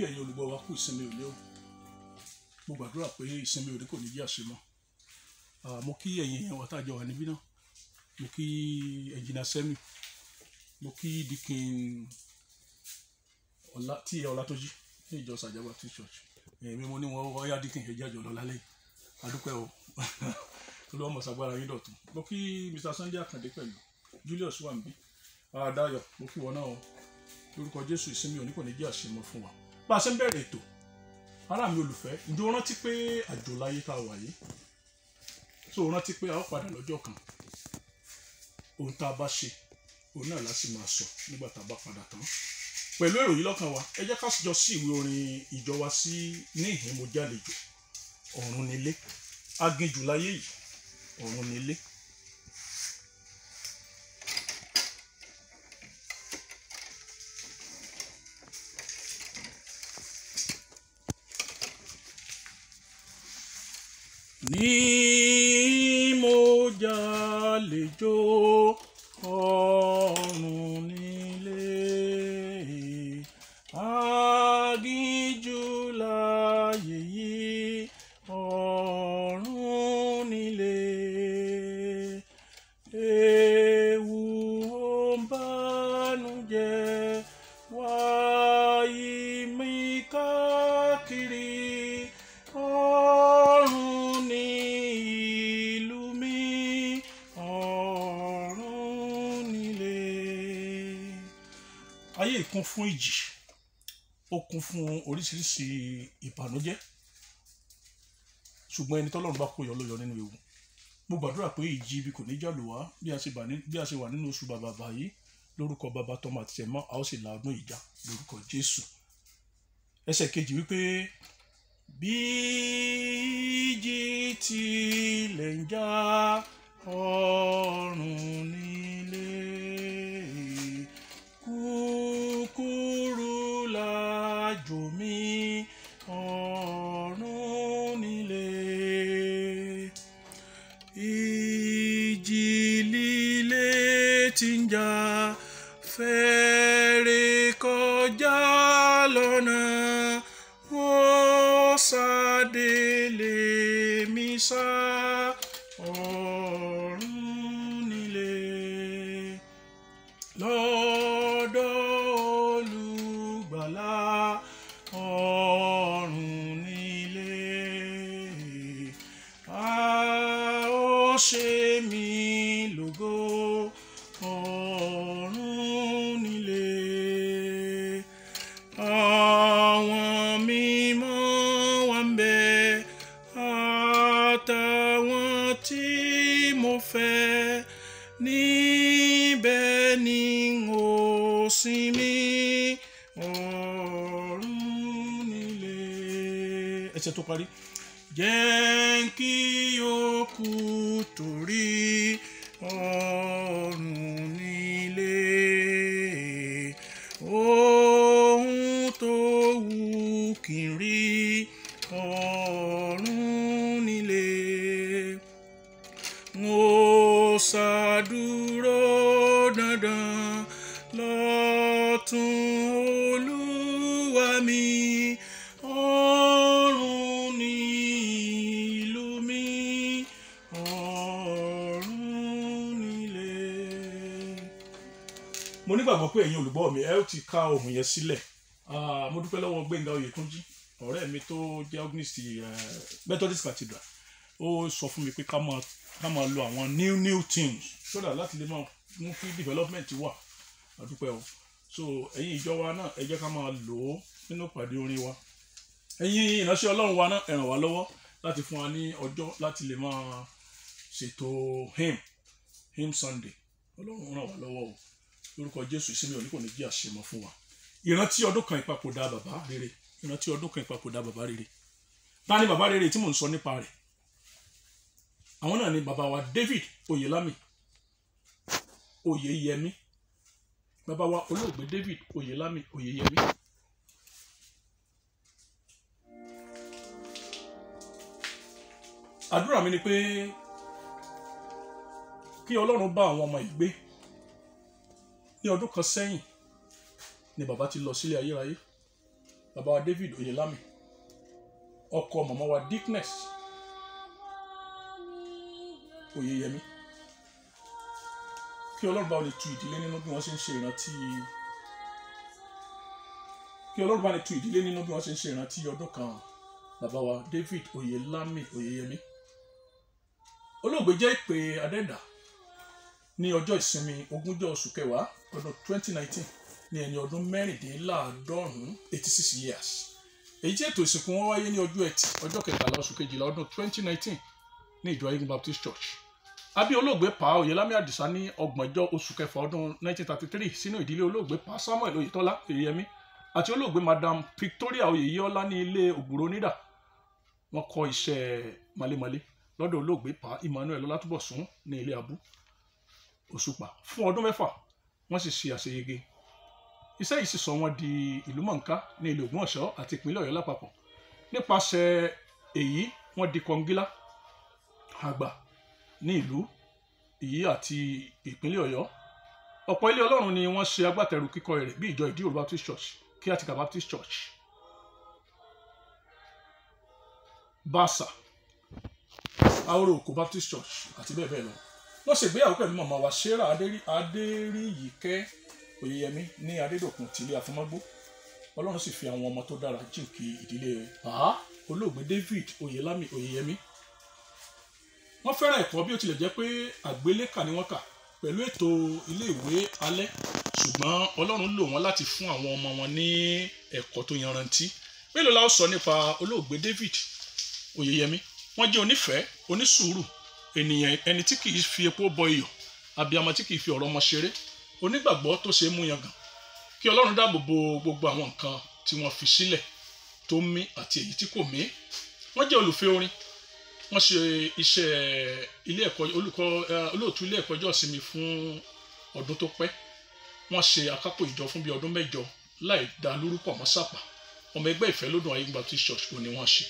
kí ẹ̀yin olùgbọ́ wa kú ìsinmi òní o mo gbàdúrà pé ìsinmi òní kò ní jẹ́ àṣemọ́ mo kí ẹ̀yin èèyàn wa tájọ wà níbí náà mo kí ẹ̀jìnà sẹ́mi mo kí dikin ọ̀la tí Ọlátọ́jí ní ìjọ sàjábà tí church èmi mo ní wọn ọyá dikin ẹ̀jẹ̀ àjọ lọ lálẹ́ adúpẹ́ o olùwàmọ̀sàgbára yín dọ̀tún mo kí Mr Sunday Akande pẹ̀lú Julius wambi Adayọ̀ mo kí wọn náà o lórúkọ Jésù ìsinmi òní kò ní jẹ́ àṣemọ́ fún wa bá a ṣe ń bẹ̀rẹ̀ ètò ará mi olùfẹ́ ǹjẹ́ rántí pé àjò láyé tá a wà yìí so o rántí pé a ó padà lọ́jọ́ kan ohun tá a bá ṣe òun náà la sì máa sọ nígbà tá a bá padà tán pẹ̀lú èrò yìí lọ́kàn wa ẹ jẹ́ ká jọ sí ìwé orin ìjọ wa sí níhìn mo jálejò ọ̀run nílé aginjù láyé yìí ọ̀run nílé yo kún fún ìjì ó kún fún oríṣiríṣi ìbànújẹ́ ṣùgbọ́n ẹni tọ́lọ́run bá kó yọ nínú ewu mo gbàdúrà pé ìjì ibi kò ní jà lù wá bí a ṣe wà nínú oṣù bàbà báyìí lórúkọ bàbá tọmọ àti tẹmọ a ó sì la ọdún ìjà lórúkọ Jésù ẹsẹ̀ kejì wípé bí ìjì tilẹ̀ ń jà ọ̀run. dùn ẹsẹ̀ tó parí. jẹ́ kí o torí nígbàgbọ́ pé ẹ̀yin olùgbọ́ mi ẹ ó ti ka ohun yẹn sílẹ̀ ah, mo dúpẹ́ lọ́wọ́ Gbẹ́ngà Oyèkúnjí ọ̀rẹ́ mi tó jẹ́ organist eh, Methodist Cathedral ó sọ fún mi pé ká máa lo àwọn new new tunes sódà láti lè máa mú kí development wà a o so ẹ̀yin ìjọ wa náà ẹ jẹ́ ká máa lò ó nínú ìpàdé orin wa ẹ̀yin ìránṣẹ́ Ọlọ́run wa náà ẹ ràn lọ́wọ́ láti fún wa ní ọjọ́ láti lè máa ṣètò hymn hymn Sunday Ọlọ́run ràn wá lọ́wọ́ o lórúkọ jésù sí mi ò ní kò ní jẹ́ àṣemọ fún wa ìrántí ọdún kan ìpapòdà bàbá rere ìrántí ọdún kan ìpapòdà bàbá rere ta ni bàbá rere tí mò ń sọ nípa rẹ̀ àwọn náà ni bàbá wa David Oyelami Oyeyemi bàbá wa olóògbé David Oyelami Oyeyemi. àdúrà mi ni pé kí ọlọ́run bá àwọn ọmọ yìí ní ọdún kan sẹ́yìn ni bàbá ti lọ sílé ayérayé bàbá wa David Oyelami ọkọ màmá wa Dickness Oyeyemi kí ọlọ́run bá lè tu ìdílé nínú bí wọ́n ṣe ń ṣe ìrántí kí ọlọ́run bá lè tu ìdílé nínú bí wọ́n ṣe ń ṣe ìrántí ọdún kan bàbá wa David Oyelami Oyeyemi olóògbé jẹ́ ìpè adẹ́dà ní ọjọ́ ìsinmi ogúnjọ́ oṣù kẹwàá ọdún 2019 ní ẹni ọdún mẹ́rìndínláàádọ́rùn-ún 86 years èyí tí ètò ìsìnkú wọn wáyé ní ọjọ́ ẹtì ọjọ́ kẹtàlá oṣù kejìlá ọdún 2019 ní ìjọ Eagle Baptist Church abí olóògbé pa oyelami adisa ní ọgbọ̀njọ́ oṣù kẹfà ọdún 1933 sínú ìdílé olóògbé pa Samuel oyetola Fẹ́yẹmí àti olóògbé madam Victoria oyeyeola ní ilé ògbúrò nídà wọ́n kọ́ iṣẹ́ malemale lọ́dọ̀ olóògbé pa Emmanuel ọlátúbọ̀sún ní ilé abú òṣùpá fún ọdún mẹ́fà wọ́n sì ṣe àṣeyege iṣẹ́ yìí sì sọ wọ́n di ìlúmọ̀ọ́ká ní ilé Ògbómọ̀ṣọ́ àti ìpínlẹ̀ Ọ̀yọ́ lápapọ̀ nípasẹ̀ èyí wọ́n di kọngílá àgbà ní ìlú èyí àti ìpínlẹ̀ Ọ̀yọ́ ọ̀pọ̀ ilé Ọlọ́run ni wọ́n ṣe agbátẹrù kíkọ́ rẹ̀ bí ìjọ Ìdí Òru Baptist Church Kíátíkà Baptist Church Basa Aoro Oko Baptist Church àti bẹ́ẹ̀ bẹ́ẹ̀ lọ wọ́n ṣègbéyàwó pẹ̀lú màmá wa ṣẹ́ra adéríyìíkẹ́ oyeyẹmí ní adédọ̀kun tìlẹ̀ àfọmọ́gbó ọlọ́run sì fi àwọn ọmọ tó dára jìnkì ìdílé rẹ̀ bàá olóògbé david oyelami oyeyẹmí wọ́n fẹ́ràn ẹ̀kọ́ bí ó tilẹ̀ jẹ́ pé àgbélékà ni wọ́n kà pẹ̀lú ètò iléèwé alẹ́ ṣùgbọ́n ọlọ́run lò wọ́n láti fún àwọn ọmọ wọn ní ẹ̀kọ́ tó yanrantí mélòó la ó sọ nípa olóògbé david oyeyẹmí wọ́n jẹ́ onífẹ̀ẹ́ onísùúrù ènìyàn ẹni tí kìí fi epo bọ iyọ̀ abiyamọ tí kìí fi ọ̀rọ̀ ọmọ ṣeré onígbàgbọ́ tó ṣe é mú yangàn kí ọlọ́run dáàbò bo gbogbo àwọn nǹkan tí wọ́n fi sílẹ̀ tó mí àti èyí tí kò mí wọ́n jẹ́ olùfẹ́ orin wọ́n ṣe iṣẹ́ ilé ẹ̀kọ́ olùkọ́ olóòtú ilé ẹ̀kọ́ ọjọ́ ìsinmi fún ọdún tó pẹ́ wọ́n ṣe akápò ìjọ fún bíi ọdún mẹ́jọ láì dá lórúkọ mọ́ sàpà ọmọ ẹgbẹ́ ìfẹ́ lódùn ayé gbàtú church kò ní wọ́n ṣe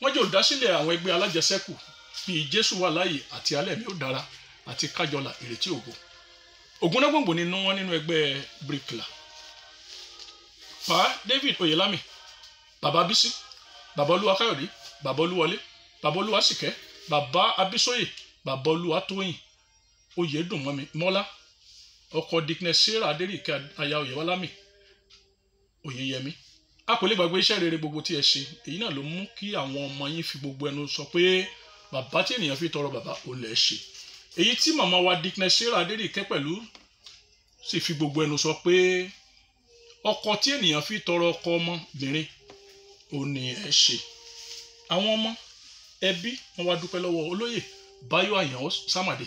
wọ́n jẹ́ olùdásílẹ̀ àwọn ẹgbẹ́ alájẹsẹ́kù bí jésù wà láàyè àti alẹ́ mi ò dára àti kájọlà ìrètí ògo ògúnnágbòǹgbò ni wọ́n nínú ẹgbẹ́ bricla pa david oyelami baba bisi baba olúwa káyọ̀dé baba olúwọlé baba olúwa sìkẹ́ baba abisoye baba olúwa tóyìn oyèdùnmọ́mi mọ́lá ọkọ dickness sarah adéríkẹ aya oyewalami oyeyemi a kò lè gbàgbé iṣẹ́ rere gbogbo tí ẹ ṣe èyí náà ló mú kí àwọn ọmọ yín fi gbogbo ẹnu sọ pé bàbá tí ènìyàn fi tọrọ bàbá ó lè ṣe èyí tí màmá wa Dickness Sarah Adédìkẹ́ pẹ̀lú sì fi gbogbo ẹnu sọ pé ọkọ tí ènìyàn fi tọrọ ọkọ ọmọbìnrin ó ní ẹ ṣe àwọn ọmọ ẹbí wọn wá dúpẹ́ lọ́wọ́ olóyè Báyọ̀ Àyànwó Sàmàdé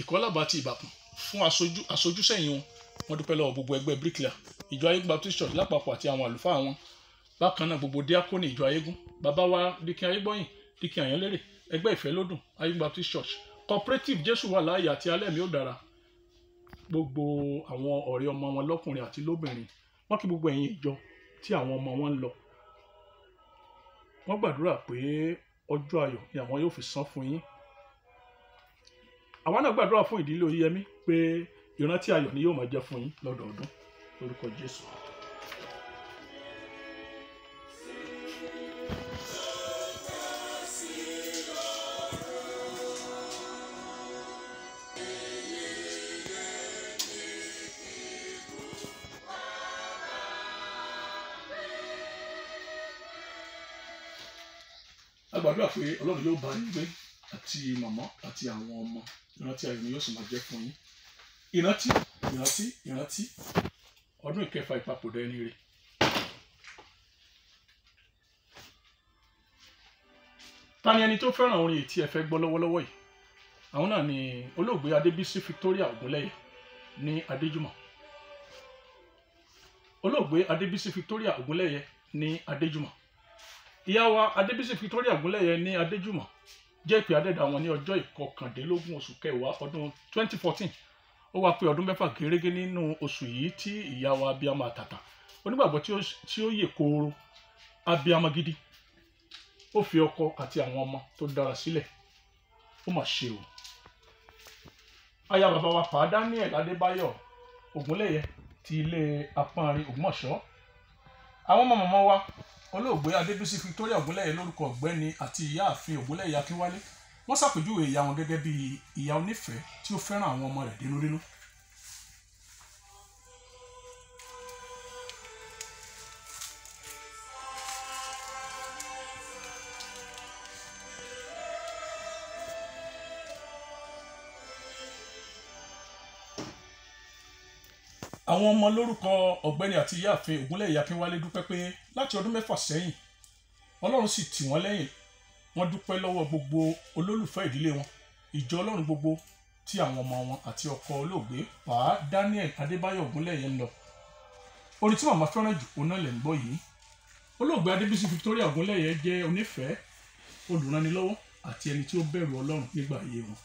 ìkọ́làbà ti Ìbàdàn fún aṣojú aṣojúsẹ́yìn wọn wọ́n dúpẹ́ lọ́wọ́ gbogbo ẹgbẹ́ bricklayer ìjọ ayégun baptist church lápapọ̀ àti àwọn àlùfáà wọn bákan náà gbogbo díákónì ìjọ ayégun bàbá wa dikin ayégbọ́yìn kíkẹ́ àyàn lérè ẹgbẹ́ ìfẹ́ lódùn ayé baptist church cooperative jésù wà láàyè àti alẹ́ mi ó dára gbogbo àwọn ọ̀rẹ́ ọmọ wọn lọ́kùnrin àti lóbìnrin wọ́n kí gbogbo ẹ̀yin ìjọ tí àwọn ọmọ wọn ń lọ wọ́n gbàdúrà pé ọjọ́ ayọ̀ ni àwọn yóò fi san fún yín àwọn náà gbàdúrà fún ìdílé Oyèyẹmí pé ìrántí ayọ̀ ni yóò máa jẹ́ fún yín lọ́dọọdún lórúkọ Jésù. pé ọlọ́run yóò bá yín gbé àti màmá àti àwọn ọmọ ìrántí ayọ̀ ni yóò sì máa jẹ́ fún yín ìrántí ìrántí ìrántí ọdún ìkẹfà ìpapòdà ẹni rè ta ni ẹni tó fẹ́ràn orin ètí ẹ̀fẹ́ gbọ́ lọ́wọ́lọ́wọ́ yìí àwọn náà ni olóògbé adébísí victoria ògúnlẹ́yẹ ní adéjùmọ̀ olóògbé adébísí victoria ògúnlẹ́yẹ ní adéjùmọ̀ ìyá wa adébísí victoria gúnlẹ̀yẹ ní adéjùmọ̀ jẹ́ ìpè adẹ́dà wọn ní ọjọ́ ìkọkàndínlógún oṣù kẹwàá ọdún 2014 ó wá pé ọdún mẹ́fà gérégé nínú oṣù yìí tí ìyá wa abiyamọ àtàtà onígbàgbọ́ tí ó yè kooro abiyamọ gidi ó fi ọkọ àti àwọn ọmọ tó dára sílẹ̀ ó mà ṣe o aya bàbá wa pa daniel adébáyọ̀ ògúnlẹ̀yẹ ti ilé apánrin ògbómọ̀ṣọ́ àwọn ọmọ màmá wa olóògbé adébísí victoria ògúnlẹ̀yẹ lórúkọ ọ̀gbẹ́ni àti ìyáàfin ògúnlẹ̀yẹ akínwálé wọ́n ṣàpèjúwe ìyá wọn gẹ́gẹ́ bí ìyá onífẹ̀ẹ́ tí ó fẹ́ràn àwọn ọmọ rẹ̀ dénúdénú àwọn ọmọ lórúkọ ọ̀gbẹ́ni àti ìyáàfin ògúnlẹ̀yẹ akínwálé dúpẹ́ pé láti ọdún mẹ́fà sẹ́yìn ọlọ́run sì tì wọ́n lẹ́yìn wọ́n dúpẹ́ lọ́wọ́ gbogbo olólùfẹ́ ìdílé wọn ìjọ ọlọ́run gbogbo tí àwọn ọmọ wọn àti ọkọ olóògbé pa Daniel Adébáyọ̀ ògúnlẹ̀yẹ ń lọ orin tí màmá fẹ́ràn jù òun náà lẹ̀ ń gbọ́ yìí olóògbé Adébísí Victoria ògúnlẹ̀yẹ jẹ́ onífẹ̀ẹ́ olùrànilọ́wọ́ àti ẹni tí ó bẹ̀rù ọlọ́run nígbà ayé wọn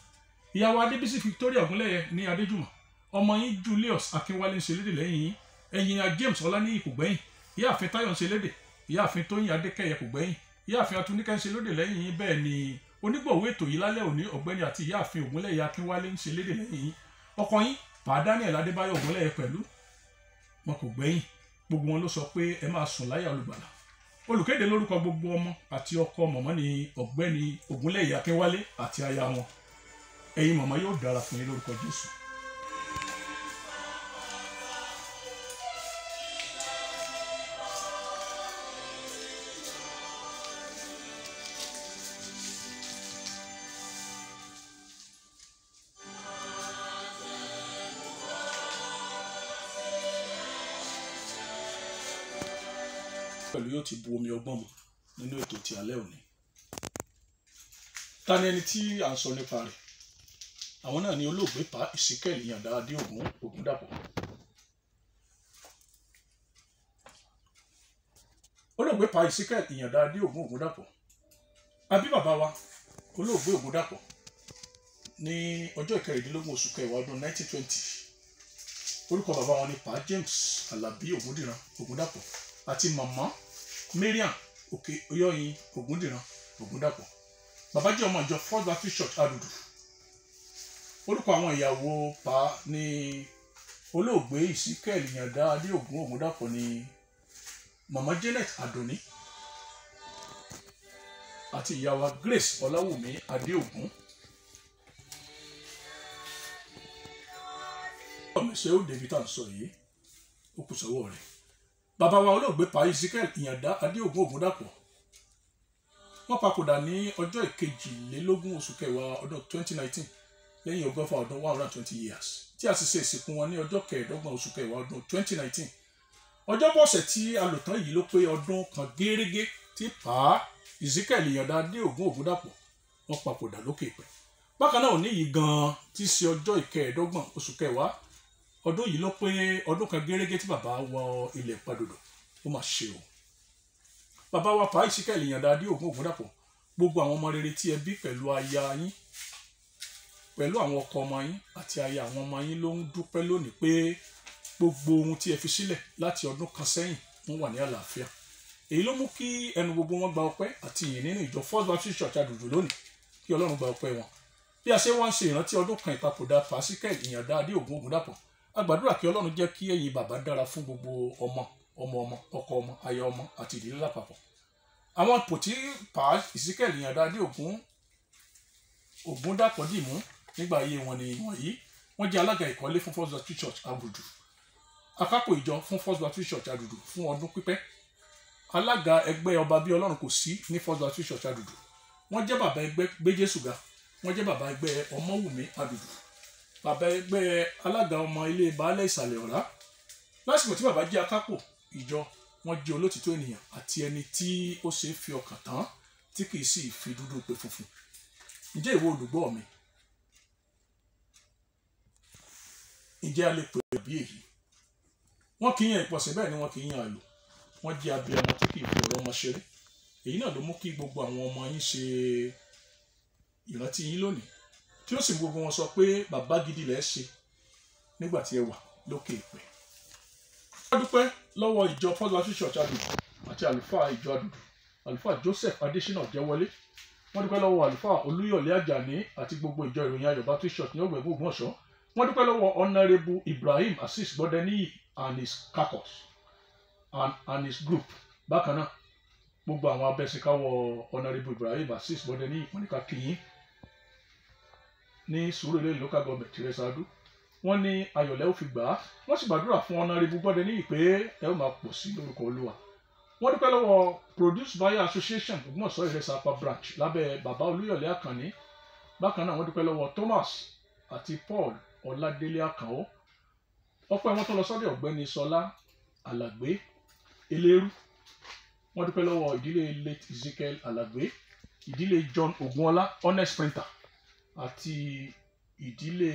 ìyàwó Adébísí Victoria ògúnlẹ̀yẹ ní Adéjùmọ̀ ọmọ yín Julius Akínwálé ń ṣe lédè lẹ́yìn yín ẹ̀yìn James Ọláníyì kò gbẹ́yìn ìyáàfin Táyọ̀ ń ṣe lédè ìyáàfin Tóyìn Adékẹ́yẹ kò gbẹ́yìn ìyáàfin Atúnikẹ́ ń ṣe lédè lẹ́yìn yín bẹ́ẹ̀ ni onígbọ̀wé ètò yìí lálẹ́ òní ọ̀gbẹ́ni àti ìyáàfin Ògúnlẹ̀yẹ Akínwálé ń ṣe lédè lẹ́yìn yín ọkọ yín Pa Daniel Adébáyọ̀ Ògúnlẹ̀yẹ pẹ̀lú wọn kò gbẹ́yìn gbogbo wọn ló sọ pé ẹ máa sùn láyà olùgbàlà olùkéde lórúkọ gbogbo ọmọ àti ọkọ mọ̀mọ́ ni ọ̀gbẹ́ni Ògúnlẹ̀yẹ Akínwálé àti aya wọn ẹ̀yin mọ̀mọ́ yóò dára fún yín lórúkọ Jésù yóò ti bu omi ọgbọ́n mu nínú ètò ti alẹ́ òní ta ni ẹni tí à ń sọ nípa rẹ̀ àwọn náà ni olóògbé pa ìsíkẹ́lì yàndá adéògùn ògúndàpọ̀ olóògbé pa ìsíkẹ́lì yàndá adéògùn ògúndàpọ̀ àbí bàbá wa olóògbé ògúndàpọ̀ ní ọjọ́ ìkẹrìndínlógún oṣù kẹwàá ọdún 1920 orúkọ bàbá wọn ni pa James Alábí ògúndìran ògúndàpọ̀ àti màmá mariam òkè oyọyin ògúndìran ògúndàpọ̀ bàbá jẹ́ ọmọ ìjọ first baptist church adudu orúkọ àwọn ìyàwó pa ní olóògbé ìsíkẹ́ẹ̀l yàndá adéògùn ògúndàpọ̀ ní mama janet adoni àti ìyàwó grace ọláwùmí adéògùn. ọmọ ìṣẹ́ ó débi tá à ń sọ yìí ó kù sọ́wọ́ rẹ̀ bàbá wa olóògbé pa ezekiel ìyàndá adéògùn ògúndàpọ̀ wọ́n papòdà ní ọjọ́ ìkejìlélógún oṣù kẹwàá ọdún 2019 lẹ́yìn ọgọ́fà ọdún 120 years tí a sì ṣe ìsìnkú wọn ní ọjọ́ kẹẹ̀ẹ́dọ́gbọ̀n oṣù kẹwàá ọdún 2019 ọjọ́bọ̀ ọ̀sẹ̀ tí a lò tán yìí ló pé ọdún kan gérégé tí pa ezekiel ìyàndá adéògùn ògúndàpọ̀ wọ́n papòdà lókè ìpẹ́ bákan náà òní yìí gan-an ti ṣe ọjọ́ ìkẹẹ̀ẹ́dọ́gbọ̀n oṣù kẹwàá ọdún yìí ló pé ọdún kan gẹ́rẹ́gẹ́ tí bàbá wọ ilẹ̀ Pàdòdò ó mà ṣe o bàbá wa fàá ìṣíkà ènìyàn dáadé ògùn Ògúndàpọ̀ gbogbo àwọn ọmọ rere tí ẹ bí pẹ̀lú aya yín pẹ̀lú àwọn ọkọ ọmọ yín àti aya àwọn ọmọ yín ló ń dúpẹ́ lónìí pé gbogbo ohun tí ẹ fi sílẹ̀ láti ọdún kan sẹ́yìn wọ́n wà ní àlàáfíà èyí ló mú kí ẹnu gbogbo wọn gba ọpẹ́ àti ìyìn nínú ìjọ First Baptist Church Àdùdù lónìí kí Ọlọ́run gba ọpẹ́ wọn bí a ṣe wá ń ṣe ìrántí ọdún kan ìpapòdà fàásíkẹ́ ìyàn dáadé ògùn Ògúndàpọ̀ a gbàdúrà kí ọlọ́run jẹ́ kí ẹ̀yìn bàbá dára fún gbogbo ọmọ ọmọ ọmọ ọkọ ọmọ aya ọmọ àti ìdílé lápapọ̀ àwọn pòtí pa ìsíkẹ̀lì yàn dáadé ògún ògún dàpọ̀ dìmú nígbà ayé wọn ni wọ̀nyí wọ́n jẹ́ alága ìkọ́lé fún first baptist church abudu akápò ìjọ fún first baptist church adudu fún ọdún pípẹ́ alága ẹgbẹ́ ọba bí ọlọ́run kò sí ní first baptist church adudu wọ́n jẹ́ bàbá ẹgbẹ́ gbéjésùgà wọ́n jẹ́ bàbá ẹgbẹ́ ọmọwùmí adudu bàbá ẹgbẹ́ alága ọmọ ilé baálẹ̀ ìsàlẹ̀ ọ̀rá lásìkò tí bàbá jẹ́ akápò ìjọ wọn jẹ́ olótìtọ́ ènìyàn àti ẹni tí ó ṣe é fi ọkàn tán tí kì í sì fi dúdú pe funfun ǹjẹ́ ìwọ olùgbọ́ mi ǹjẹ́ a lè pè é bí èyí wọ́n kì í yan ìpọ̀sẹ̀ bẹ́ẹ̀ ni wọ́n kì í yan àlò wọ́n jẹ́ abiyamọ tí kì fi ọ̀rọ̀ ọmọ ṣeré èyí náà ló mú kí gbogbo àwọn ọmọ yín ṣe ìrántí yín lónìí tí ó sì mú gbogbo wọn sọ pé bàbá gidi lẹ ṣe nígbà tí ẹ wà lókè ìpẹ́. a dúpẹ́ lọ́wọ́ ìjọ First Baptist Church àdùkù àti àlùfáà ìjọ àdùkù àlùfáà Joseph Adésínà jẹ́wọlé wọ́n dúpẹ́ lọ́wọ́ àlùfáà Olúyọ̀lé Àjàní àti gbogbo ìjọ ìròyìn Ayọ̀ Baptist Church ní ọgbẹ̀gbọ̀ Ògbómọ̀ṣọ́ wọ́n dúpẹ́ lọ́wọ́ ọ̀nàrẹ́bù Ibrahim Assis Gbọ́dẹ́níyì and his caucus and, and his group bákan náà gbogbo àwọn abẹ́sìnkáwọ́ ọ̀nàrẹ́bù Ibrahim Assis Gbọ́dẹ́níyì wọ́n ní ká kí yín ní Surulere local government tirẹ̀ ṣáájú wọ́n ní ayọ̀lẹ́ ò fi gbà á wọ́n sì gbàdúrà fún ọ̀nàrẹ́bù gbọ́dẹ ní ìpè ẹ ó máa pọ̀ sí lórúkọ olúwa wọ́n dúpẹ́ lọ́wọ́ produce buyer association Ògbómọ̀ṣọ́ ìrẹsà apá branch lábẹ́ bàbá olúyọ̀lé àkànní bákan náà wọ́n dúpẹ́ lọ́wọ́ Thomas àti Paul ọ̀làdélé àkànó ọpẹ́ wọn tó lọ sọ́dẹ̀ ọ̀gbẹ́ni sọlá alàgbé eléru wọ́n dúpẹ́ lọ́wọ́ ìdílé late Ezekiel alàgbé ìdílé John ogunọlá honest printer àti ìdílé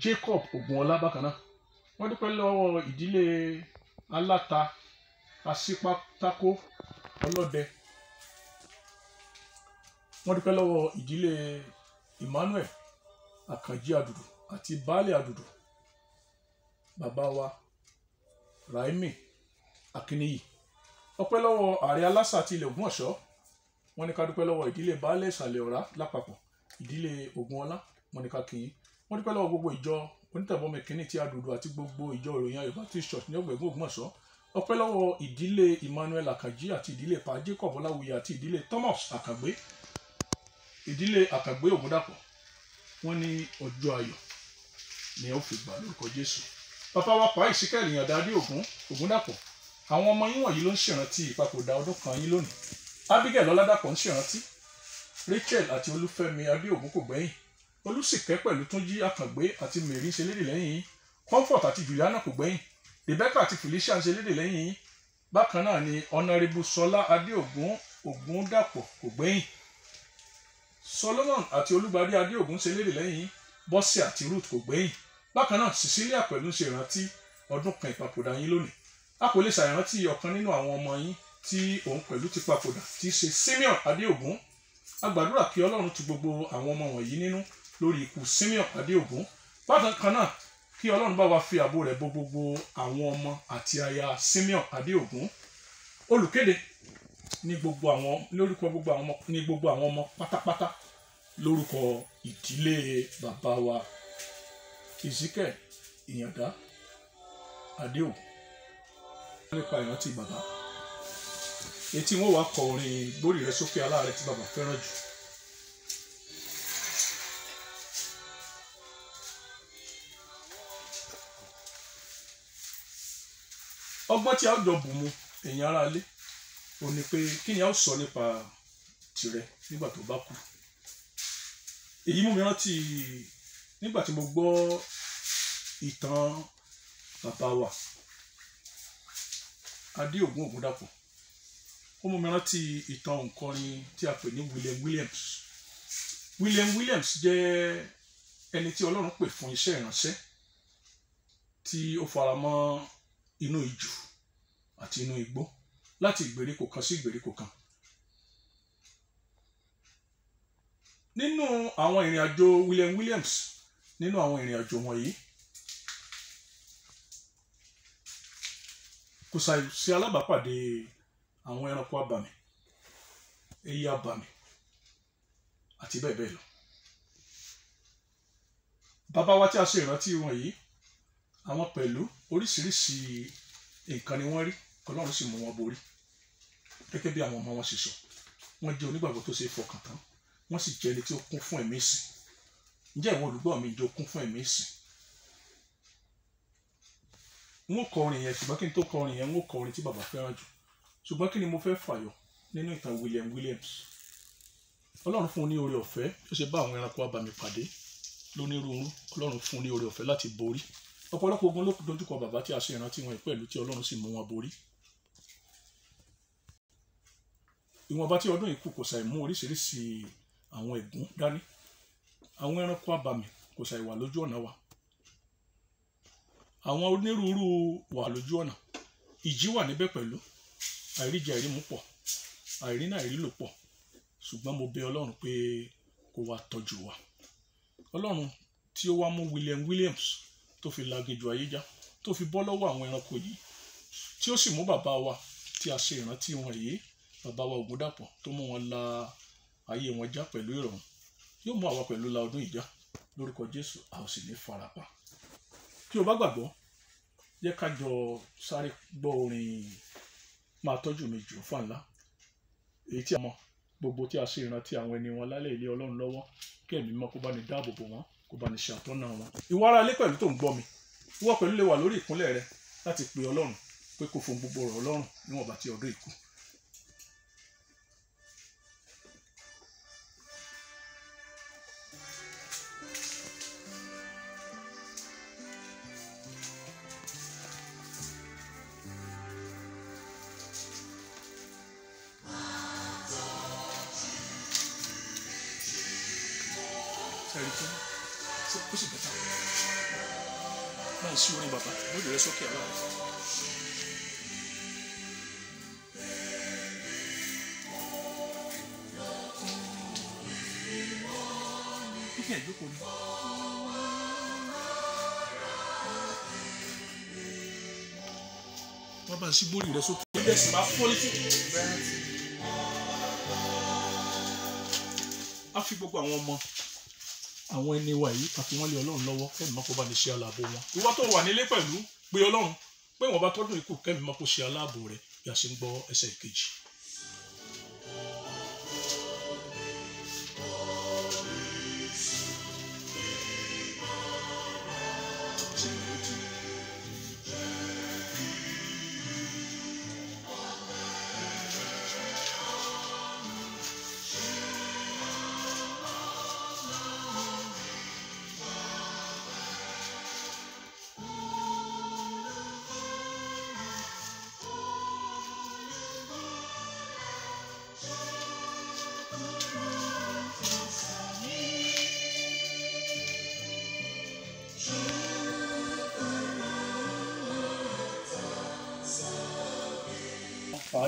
Jacob Ògúnọlá bákan náà wọ́n dúpẹ́ lọ́wọ́ ìdílé aláta asípátákó ọlọ́dẹ wọ́n dúpẹ́ lọ́wọ́ ìdílé Emmanuel Àkànjí Àdùdù àti baálé Àdùdù bàbá wa Raimi Akínníyì ọpẹ́ lọ́wọ́ ààrẹ aláṣà ti ilẹ̀ Ògbómọ̀ṣọ́ wọ́n ní ká dúpẹ́ lọ́wọ́ ìdílé baálé ìsàlẹ̀ ọ̀rá lápapọ̀ ìdílé ògúnọlá wọ́n ní ká kí i wọ́n dúpẹ́ lọ́wọ́ gbogbo ìjọ onítàbọ̀mọ̀ kínní ti àdùdù àti gbogbo ìjọ ìròyìn ayọ̀ baptist church ní ọ̀gbẹ̀gún ògbọ̀nsọ́ ọpẹ́ lọ́wọ́ ìdílé emmanuel àkànjí àti ìdílé pa jacob ọláwuyè àti ìdílé thomas àkàgbé ìdílé àkàgbé ògúndàpọ̀ wọ́n ní ọjọ́ ayọ̀ ni ó fi gbà lórúkọ jésù bàbá wa pa ìsíkẹ́ ìrìnàdá dé ògún ògúndàpọ̀ àwọn ọmọ yín wọ̀nyí ló ń ṣèrántí ìpapòdà ọdún kan yín lónìí abigail ọládàpọ̀ ń ṣèrántí rachel àti olúfẹ́mi adéògùn kò gbẹ́yìn olùsìkẹ́ pẹ̀lú túnjí àkàngbé àti mary ń ṣe lédè lẹ́yìn yín comfort àti juliana kò gbẹ́yìn rebecca àti felicia ń ṣe lédè lẹ́yìn yín bákan náà ni ọ̀nàrẹ́bù sọlá adéògùn ògùn dàpọ̀ kò gbẹ́yìn solomon àti olúgbadé adéògùn ń ṣe lédè lẹ́yìn yín bọ́sì àti ruth kò gbẹ́yìn bákan náà cecilia pẹ̀lú ń ṣe ìrántí ọdún kan ìpapòdà yín lónìí a kò lè ṣàìrántí ọ̀kan nínú àwọn ọmọ yín tí òun pẹ̀lú ti papòdà tí í ṣe Simeon Adéògún a gbàdúrà kí Ọlọ́run tu gbogbo àwọn ọmọ wọ̀nyí nínú lórí ikú Simeon Adéògún bákan kan náà kí Ọlọ́run bá wa fi ààbò rẹ̀ bo gbogbo àwọn ọmọ àti aya Simeon Adéògún olùkéde ní gbogbo àwọn lórúkọ gbogbo àwọn ọmọ ní gbogbo àwọn ọmọ pátápátá lórúkọ ìdílé bàbá wa Ezekiel Ìyàndá Adéògún nípa ìrántí bàbá etí wọn wà kọ orin gbórí rẹ sókè aláàrẹ tí bàbá fẹ́ràn jù. ọgbọ́n tí a ó dọ̀bù mu ẹ̀yin aráalé ò ní pé kí ni a ó sọ nípa tirẹ̀ nígbà tó bá kú èyí mú mi rántí nígbà tí mo gbọ́ ìtàn bàbá wa adé ògún ògúndàpọ̀ ó mú mi rántí ìtàn òǹkọrin tí a pè ní William Williams William Williams jẹ́ ẹni tí Ọlọ́run pè fún iṣẹ́ ìránṣẹ́ tí ó fara mọ́ inú ijù àti inú igbó láti ìgbèríko kan sí ìgbèríko kan. nínú àwọn ìrìn àjò William Williams nínú àwọn ìrìn àjò wọ̀nyí kò ṣàìsí alábàápàdé àwọn ẹranko abàmì ẹyẹ abàmì àti bẹ́ẹ̀ bẹ́ẹ̀ lọ. bàbá wa tí a ṣe ìrántí wọn yìí àwọn pẹ̀lú oríṣiríṣi nǹkan ni wọ́n rí ọlọ́run sì mú wọn borí gẹ́gẹ́ bí àwọn ọmọ wọn ṣe sọ wọ́n jẹ́ onígbàgbọ́ tó ṣe é fọkàn tán wọ́n sì jẹ́ ẹni tí ó kún fún ẹ̀mí ìsìn ǹjẹ́ ìwọ olùgbọ́ mi jẹ́ ó kún fún ẹ̀mí ìsìn n ó kọrin yẹn ṣùgbọ́n kí n tó kọrin yẹn n ó kọrin tí bàbá fẹ́ràn jù ṣùgbọ́n kí ni mo fẹ́ fàyọ nínú ìtàn William Williams ọlọ́run fún un ní oore ọ̀fẹ́ ó ṣe bá àwọn ẹranko abàmì pàdé lónírúurú ọlọ́run fún un ní oore ọ̀fẹ́ láti borí ọ̀pọ̀lọpọ̀ ogun ló dojúkọ bàbá tí a ṣe ìrántí wọn pẹ̀lú tí ọlọ́run sì mú wọn borí ìwọ̀nba tí ọdún yìí kù kò ṣàì mú oríṣiríṣi àwọn ẹ̀gún dání àwọn ẹranko abàmì kò ṣàì wà lójú ọ̀nà wa àwọn onírúurú wà lójú ọ̀nà ìjì wà níbẹ̀ pẹ̀lú àìríjẹ àìrímu pọ̀ àìrí náà àìrílò pọ̀ ṣùgbọ́n mo bẹ ọlọ́run pé kó wá tọ́jú wa ọlọ́run tí ó wá mú William Williams tó fi lagejò ayé já tó fi bọ́ lọ́wọ́ àwọn ẹranko yìí tí ó sì mú bàbá wa tí a ṣe ìrántí wọn yìí bàbá wa Ògúndàpọ̀ tó mú wọn la ayé wọn já pẹ̀lú ìrọ̀rùn yóò mú àwa pẹ̀lú la ọdún ìjà lórúkọ Jésù a ò sì ní farapa tí o bá gbàgbọ́ jẹ́ ká jọ sáré gbọ́ orin máa tọ́jú mi jù fà ńlá èyí tí a mọ̀ gbogbo tí a ṣe ìrántí àwọn ẹni wọn lálẹ́ ilé ọlọ́run lọ́wọ́ kí ẹ̀mí mọ́ kó bá ní dáàbò bò wọ́n kó bá ní ṣe àtọ́nà wọn. ìwọ ara ilé pẹ̀lú tó ń gbọ́ mi ìwọ pẹ̀lú lè wà lórí ìkúnlẹ̀ rẹ láti pe ọlọ́run pé kò fún gbogbo ọ̀rọ̀ ọlọ́run níwọ̀nba tí ọdún ìkú ẹ̀rí pé ṣé ó sì bẹ́tà máa ń sí orin bàbá bójú rẹ sókè aláwọ̀. kí ẹ̀ jókòó ni. wọ́n bá ń sí bórí rẹ sókè. ẹgbẹ́ sì máa fọ́ létí àwọn ẹni wa yìí àfi wọ́n lé ọlọ́run lọ́wọ́ kẹ́mi mọ́ kó bá ní ṣe aláàbò wọn ìwọ tó wà nílé pẹ̀lú pé ọlọ́run pé wọ́n bá tọ́jú ikú kẹ́mi mọ́ kó ṣe aláàbò rẹ̀ bí a ṣe ń gbọ́ ẹsẹ̀ ìkejì.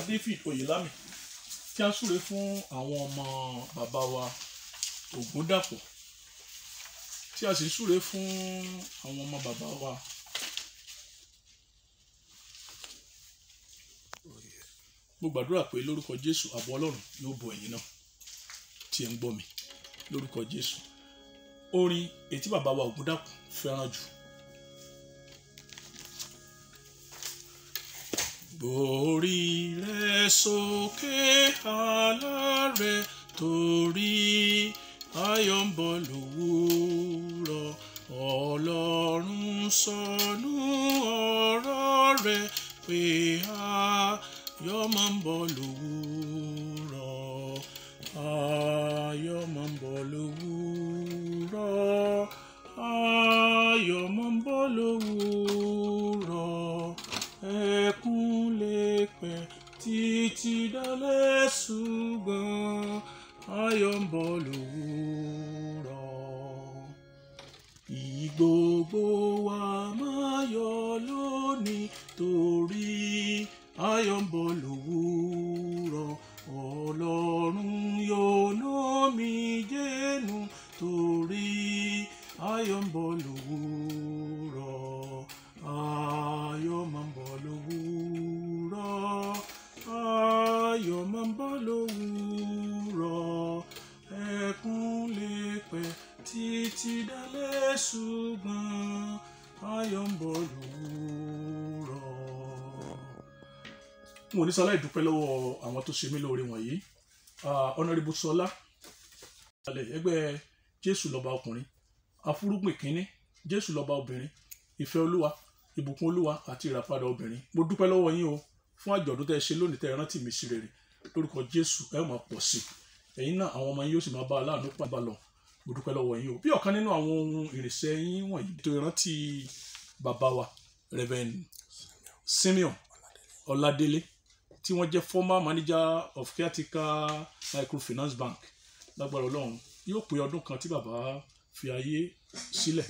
David Oyelami tí a súre fún àwọn ọmọ bàbá wa Ògúndàpọ̀ tí a sì súre fún àwọn ọmọ bàbá wa mo gbàdúrà pé lórúkọ Jésù àbọ̀ Ọlọ́run yóò bọ ẹ̀yin náà tí ẹ ń gbọ́ mi lórúkọ Jésù orin ètí bàbá wa Ògúndàpọ̀ fẹ́ràn jù Gbórí rẹ sókè alárẹ torí ayọ̀ ń bọ̀ lówùúrọ̀ Ọlọ́run sọnù ọ̀rọ̀ rẹ pé ayọ̀ máa ń bọ̀ lówùúrọ̀ ayọ̀ máa ń bọ̀ lówùúrọ̀. ológun ayọ̀ ń bọ̀ lóòrọ̀. n ò ní sọ aláìdúpẹ́ lọ́wọ́ àwọn tó ṣe mí lóore wọ̀nyí ọ̀nàrẹ́bù sọlá ẹgbẹ́ jésù lọ́ba ọkùnrin afúrúgbìn kínní jésù lọ́ba obìnrin ìfẹ́ olúwa ìbùkún olúwa àti ìràpadà obìnrin mo dúpẹ́ lọ́wọ́ yín o fún àjọ̀dún tẹ́ ẹ ṣe lónìí tẹ́ ẹ rántí mi sí rere lórúkọ jésù ẹ máa pọ̀ sí ẹ̀yin náà àwọn ọmọ yín yóò sì máa bá aláàánú pàbà lọ mo dúpẹ́ lọ́wọ́ yín o bí ọ̀kan nínú àwọn ohun ìrìnsẹ̀ yín wọ̀nyí tó ìrántí bàbá wa Reverend Simeon Ọládélé tí wọ́n jẹ́ former manager of caretaker microfinance bank lágbára ọlọ́run yóò pé ọdún kan tí bàbá fi ayé sílẹ̀